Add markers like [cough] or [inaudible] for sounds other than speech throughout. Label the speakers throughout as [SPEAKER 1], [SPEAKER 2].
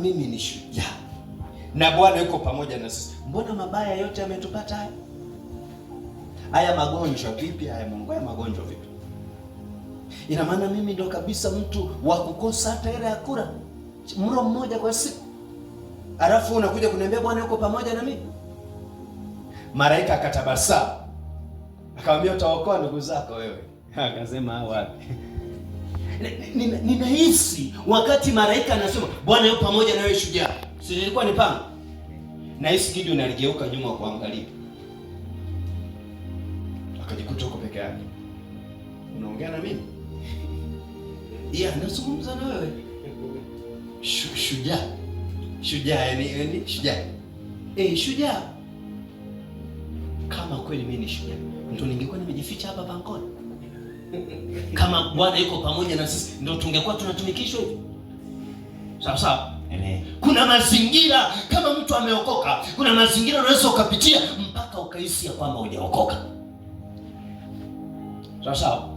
[SPEAKER 1] mimi ni shujaa na Bwana yuko pamoja na sisi, mbona mabaya yote yametupata haya? Haya magonjwa vipi? Haya Mungu, haya magonjwa vipi? Ina maana mimi ndo kabisa mtu wa kukosa hata ile ya kura mro mmoja kwa siku, alafu unakuja kuniambia Bwana yuko pamoja na mimi. Malaika akatabasa akamwambia, utaokoa ndugu zako wewe. [laughs] Akasema wapi? ninahisi wakati malaika anasema Bwana yupo pamoja na wewe shujaa, si nilikuwa nipanga, nahisi Gideon aligeuka nyuma kuangalia, akajikuta huko peke yake. Unaongea na mimi? Ya, nazungumza na wewe shujaa, shujaa, yani shujaa, eh, shujaa. Kama kweli mimi ni shujaa, mtu ningekuwa nimejificha hapa pangoni kama Bwana yuko pamoja na sisi, ndio tungekuwa tunatumikishwa hivyo, sawa sawa. Kuna mazingira kama mtu ameokoka, kuna mazingira unaweza ukapitia mpaka ukahisi ya kwamba hujaokoka, sawa sawa.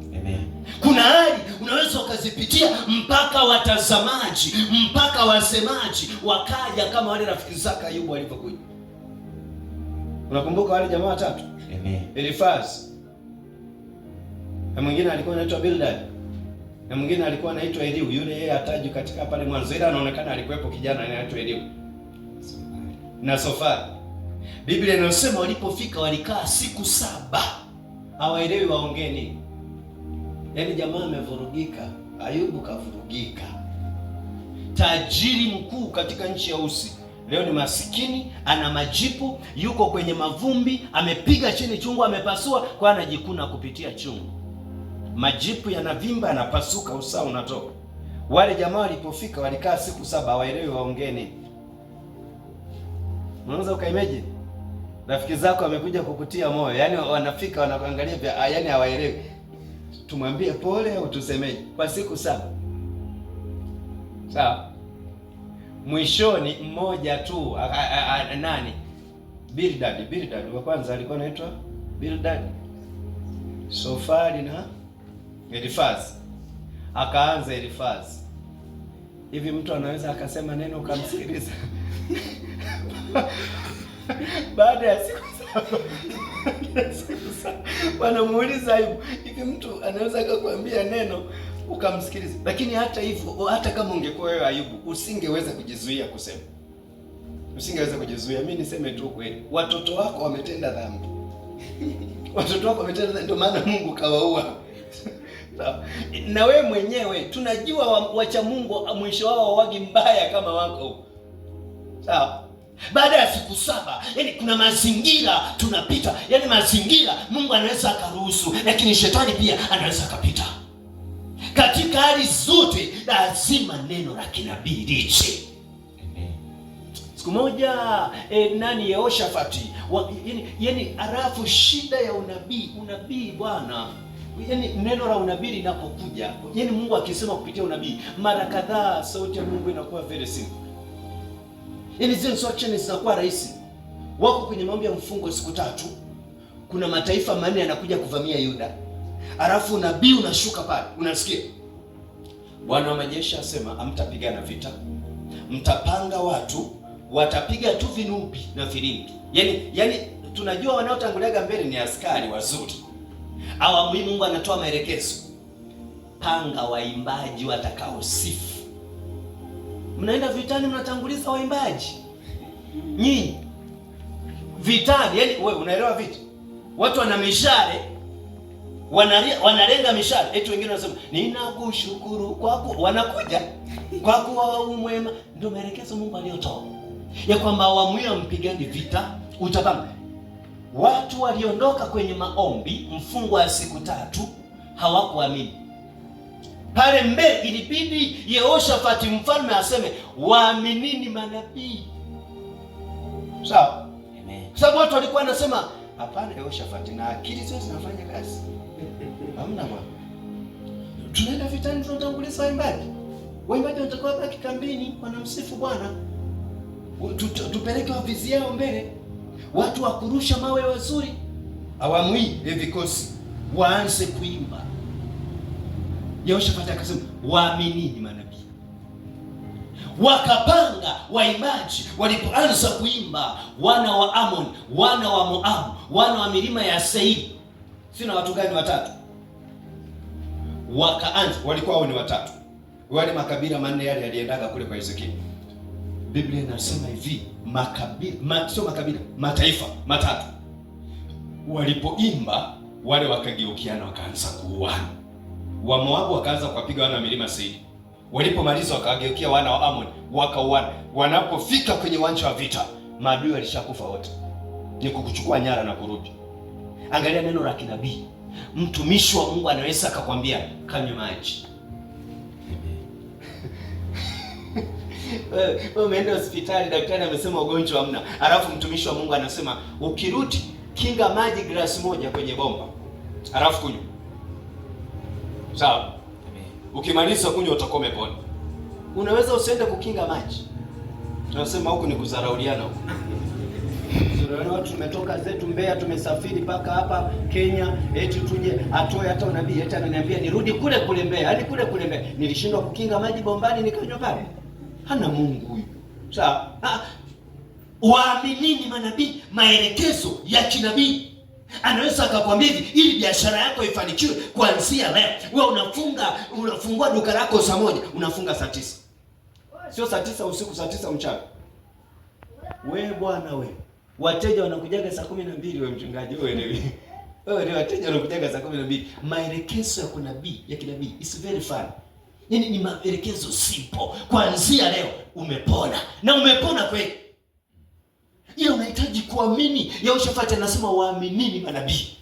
[SPEAKER 1] Kuna hali unaweza ukazipitia mpaka watazamaji, mpaka wasemaji wakaja, kama wale rafiki zake Ayubu walivyokuja. Unakumbuka wale jamaa watatu Elifaz na mwingine alikuwa anaitwa Bildad na mwingine alikuwa anaitwa Eliu. Yule yeye hataji katika pale mwanzo, ila anaonekana alikuwepo kijana anaitwa Eliu na Sofari. Biblia inasema walipofika walikaa siku saba, hawaelewi waongee nini. Yaani jamaa amevurugika, Ayubu kavurugika, tajiri mkuu katika nchi ya Usi leo ni masikini, ana majipu, yuko kwenye mavumbi, amepiga chini chungu, amepasua kwa anajikuna kupitia chungu majipu yanavimba, yanapasuka, usaa unatoka. Wale jamaa walipofika walikaa siku saba, hawaelewi waongee Unaweza ukaimagine rafiki zako wamekuja kukutia moyo, yaani wanafika wanakuangalia pia, ah, yaani hawaelewi tumwambie pole au tusemeje, kwa siku saba. Sawa, mwishoni mmoja tu a, a, a, nani Bildad, Bildad wa kwanza alikuwa anaitwa Bildad, Sofari na Elifaz. akaanza Elifaz. Hivi mtu anaweza akasema neno ukamsikiliza? [laughs] baada ya siku saba [laughs] wanamuuliza hivyo, hivi mtu anaweza akakwambia neno ukamsikiliza? Lakini hata hivyo, hata kama ungekuwa wewe Ayubu, usingeweza kujizuia kusema, usingeweza kujizuia. Mimi niseme tu kweli, watoto wako wametenda dhambi, [laughs] watoto wako wametenda, dhambi, ndio maana Mungu kawaua na we mwenyewe tunajua wacha Mungu mwisho wao wagi mbaya kama wako sawa. Baada ya siku saba, yani kuna mazingira tunapita, yani mazingira Mungu anaweza akaruhusu, lakini shetani pia anaweza akapita. Katika hali zote lazima neno la kinabii liche. Siku moja e, nani Yehoshafati, yani, yani alafu shida ya unabii, unabii bwana yani neno la unabii linapokuja, yani Mungu akisema kupitia unabii mara kadhaa, sauti ya Mungu inakuwa very simple, yani zile instructions zinakuwa rahisi. Wako kwenye maombi ya mfungo siku tatu, kuna mataifa manne yanakuja kuvamia Yuda, alafu unabii unashuka pale, unasikia Bwana wa majeshi asema, hamtapigana vita, mtapanga watu, watapiga tu vinubi na filimbi. Yani, yani tunajua wanaotanguliaga mbele ni askari wazuri awamu hii Mungu anatoa maelekezo, panga waimbaji watakaosifu. Mnaenda vitani, mnatanguliza waimbaji nyinyi vitani. Yani wewe unaelewa vitu, watu wana mishale, wanalenga mishale, eti wengine wanasema ninakushukuru kwa ku, wanakuja kwa kuwa u mwema. Ndio maelekezo Mungu aliyotoa ya kwamba awamu ya mpigaji vita utapanga watu waliondoka kwenye maombi, mfungo wa siku tatu, hawakuamini pale mbele. Ilibidi Yehoshafati mfalme aseme waaminini manabii, sawa? Amen. sababu watu walikuwa wanasema hapana, Yehoshafati na akili zote zinafanya kazi, hamna mama, tunaenda vitani, tunatanguliza waimbaji, waimbaji watakuwa baki kambini, wanamsifu Bwana, tupeleke wavizi yao mbele watu wa kurusha mawe wazuri. Awamu hii ile vikosi waanze kuimba. Yehoshafati akasema waaminini manabii, wakapanga waimbaji. Walipoanza kuimba, wana wa Amon, wana wa Moabu, wana wa milima ya Seiri, si na watu gani? Watatu wakaanza, walikuwa hao ni watatu, wale makabila manne yale yaliendaga kule kwa Ezekieli Biblia inasema hivi, makabila sio makabila, mataifa matatu walipoimba wale wakageukiana, wakaanza kuuana. Wa wakaanza kuwapiga wana wa milima Seiri, walipomaliza wakageukia wana wa Amoni wakauana. Wanapofika kwenye uwanja wa vita, maadui walishakufa wote, ni kukuchukua nyara na kurudi. Angalia neno la kinabii, mtumishi wa Mungu anaweza akakwambia kanywe maji Eh, wewe umeenda hospitali, daktari amesema ugonjwa hamna, alafu mtumishi wa Mungu anasema ukirudi, kinga maji glasi moja kwenye bomba, alafu kunywa. Sawa, ukimaliza kunywa utakuwa umepona. Unaweza usiende kukinga maji, tunasema huku ni kuzarauliana huku tumetoka zetu Mbeya, tumesafiri mpaka hapa Kenya, eti tuje atoe hata unabii, eti ananiambia nirudi kule kule Mbeya, hadi kule kule Mbeya. Nilishindwa kukinga maji bombani, nikanywa pale hana Mungu huyu. Sawa, waaminini manabii, maelekezo ya kinabii anaweza akakwambia hivi, ili biashara yako ifanikiwe kuanzia leo, wewe unafunga unafungua duka lako saa moja, unafunga saa tisa, sio saa tisa usiku, saa tisa mchana. We bwana we, wateja wanakujaga saa kumi na mbili. We mchungaji, wewe ni wewe ni wateja wanakujaga saa kumi na mbili. Maelekezo ya kunabii ya kinabii is very fun Yaani ni maelekezo simple. Kuanzia leo umepona na umepona kweli, ila unahitaji kuamini. Yehoshafati anasema waaminini manabii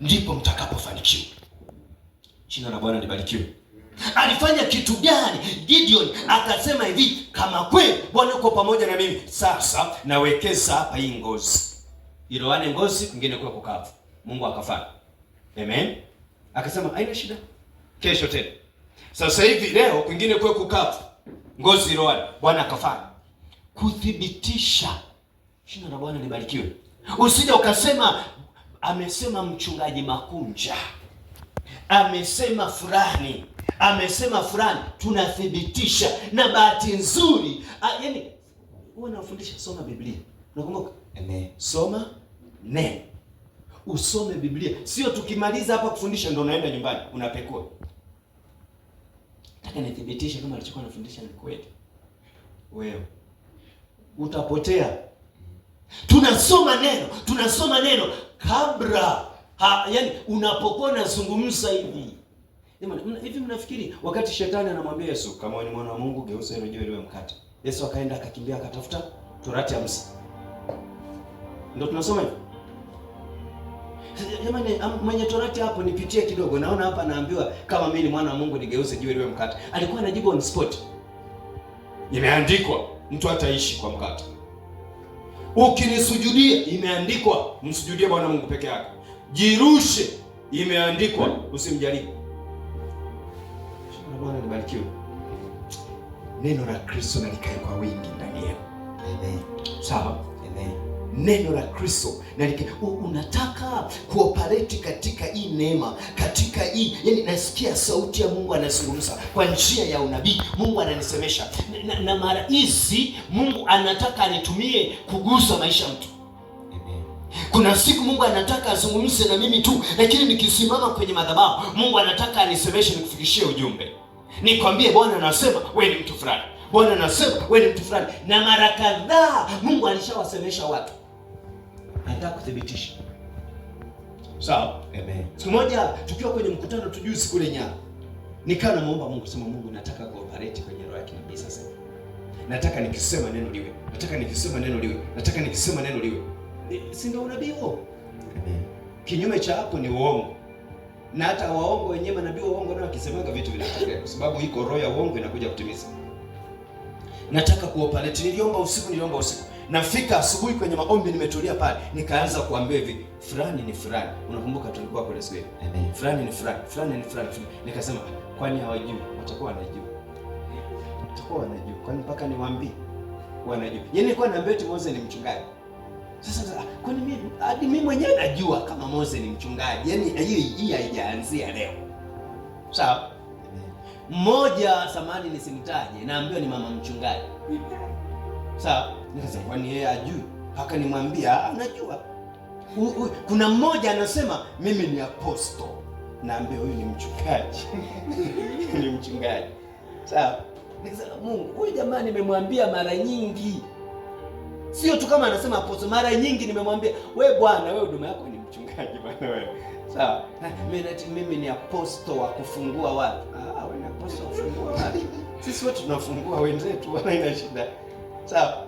[SPEAKER 1] ndipo mtakapofanikiwa. Jina la Bwana libarikiwe. Alifanya kitu gani Gideon? Akasema hivi, kama kweli Bwana uko pamoja na mimi, sasa nawekeza hapa hii ngozi iloane ngozi, kwingine kwa kukavu. Mungu akafanya amen, akasema haina shida, kesho tena sasa hivi leo kwingine kwe kukavu ngozi roani, Bwana akafanya kuthibitisha. Jina la Bwana libarikiwe. Usije ukasema amesema mchungaji Makunja, amesema fulani, amesema fulani. Tunathibitisha na bahati nzuri, yaani wewe unafundisha, soma Biblia, nakumbuka soma ne usome Biblia, sio tukimaliza hapa kufundisha ndo unaenda nyumbani unapekua Nataka nithibitishe kama alichokuwa anafundisha ni kweli. Wewe utapotea. Tunasoma neno, tunasoma neno kabla ha, yani unapokuwa unazungumza hivi. Hivi mnafikiri wakati shetani anamwambia Yesu, kama wewe ni mwana wa Mungu geuza hilo jiwe liwe mkate. Yesu akaenda akakimbia akatafuta torati ya Musa. Ndio tunasoma hivi. Jamani, mwenye torati hapo nipitie kidogo, naona hapa naambiwa kama mimi ni mwana wa Mungu nigeuze jiwe liwe mkate. Alikuwa anajibu on spot, imeandikwa mtu ataishi kwa mkate. Ukinisujudia, imeandikwa msujudie Bwana Mungu peke yake. Jirushe, imeandikwa usimjaribu. Bwana nibarikiwe. Neno la Kristo nalikae kwa wingi ndani Amen. Sawa neno la Kristo na like, unataka kuoperate katika hii neema, katika hii yani, nasikia sauti ya Mungu anazungumza kwa njia ya unabii. Mungu ananisemesha na, na mara hizi Mungu anataka anitumie kugusa maisha mtu kuna siku Mungu anataka azungumze na mimi tu, lakini nikisimama kwenye madhabahu Mungu anataka anisemeshe, nikufikishie ujumbe, nikwambie Bwana anasema wewe ni mtu fulani, Bwana anasema wewe ni mtu fulani. Na mara kadhaa Mungu alishawasemesha watu nataka kuthibitisha. Sawa? Amen. Siku moja tukiwa kwenye mkutano tujui siku ile Nyara, nikawa namuomba Mungu sema, Mungu nataka kuoperate kwenye roho ya kinabii sasa. Nataka nikisema neno liwe, nataka nikisema neno liwe, nataka nikisema neno liwe. Si ndio unabii huo? Kinyume cha hapo ni uongo, na hata waongo wenyewe, manabii waongo nao wakisemaga vitu vinatokea, kwa sababu iko roho ya uongo inakuja kutimiza. Nataka kuoperate. Niliomba usiku, niliomba usiku nafika asubuhi kwenye maombi, nimetulia pale, nikaanza kuambia hivi, fulani ni fulani, unakumbuka tulikuwa kule siku ile, fulani ni fulani, fulani ni fulani. Nikasema kwani hawajui? Watakuwa wanajua, watakuwa wanajua, kwani mpaka niwaambie? Wanajua. Yeye yaani nilikuwa naambia eti Mose ni mchungaji. Sasa kwani mimi hadi mimi mwenyewe najua kama Mose ni mchungaji, yaani hiyo hii haijaanzia leo, sawa? Mmoja samani nisimtaje, naambiwa ni mama mchungaji Sawa? Nikasema kwani yeye ajui? anajua. Ah, u, u, Kuna mmoja anasema mimi ni aposto. Naambia huyu ni mchungaji. [laughs] Ni mchungaji. Sawa? Nikasema Mungu, huyu jamaa nimemwambia mara nyingi. Sio tu kama anasema aposto, mara nyingi nimemwambia, we bwana, we huduma yako ni mchungaji bwana wewe. Sawa? Mimi mimi ni aposto wa kufungua watu. Ah, wewe ni aposto wa kufungua watu. Sisi wote tunafungua wenzetu, wala ina shida. Sawa?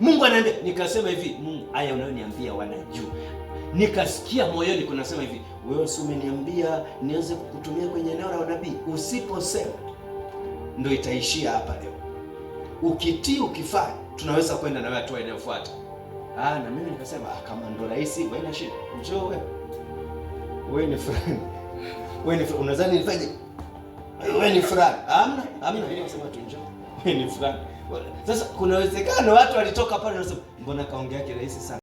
[SPEAKER 1] Mungu anaambia, nikasema hivi, Mungu haya unayoniambia wanajua. Nikasikia moyoni kunasema hivi, wewe si umeniambia nianze kukutumia kwenye eneo la unabii? Usiposema ndio itaishia hapa leo. Ukitii, ukifanya, tunaweza kwenda na wewe hatua inayofuata. Ah, na mimi nikasema ah, kama ndo rahisi, wewe na shida. Njoo wewe. Wewe ni friend, Wewe ni unadhani nifanye? Wewe ni friend? Amna, amna, nilisema tu njoo. Wewe ni friend. Sasa kuna uwezekano watu walitoka pale wanasema mbona kaongea kirahisi sana.